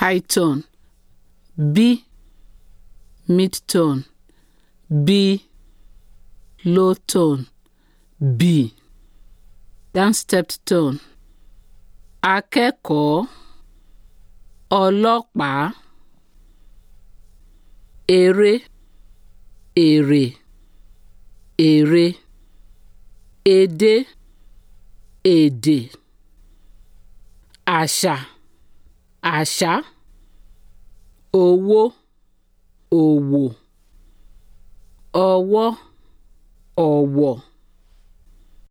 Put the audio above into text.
high tone B mid tone B low tone B down stepped tone akẹ́kọ̀ọ́ ọlọ́pàá eré èrè èrè èdè èdè àṣà àṣà owó òwò ọwọ́ ọ̀wọ̀.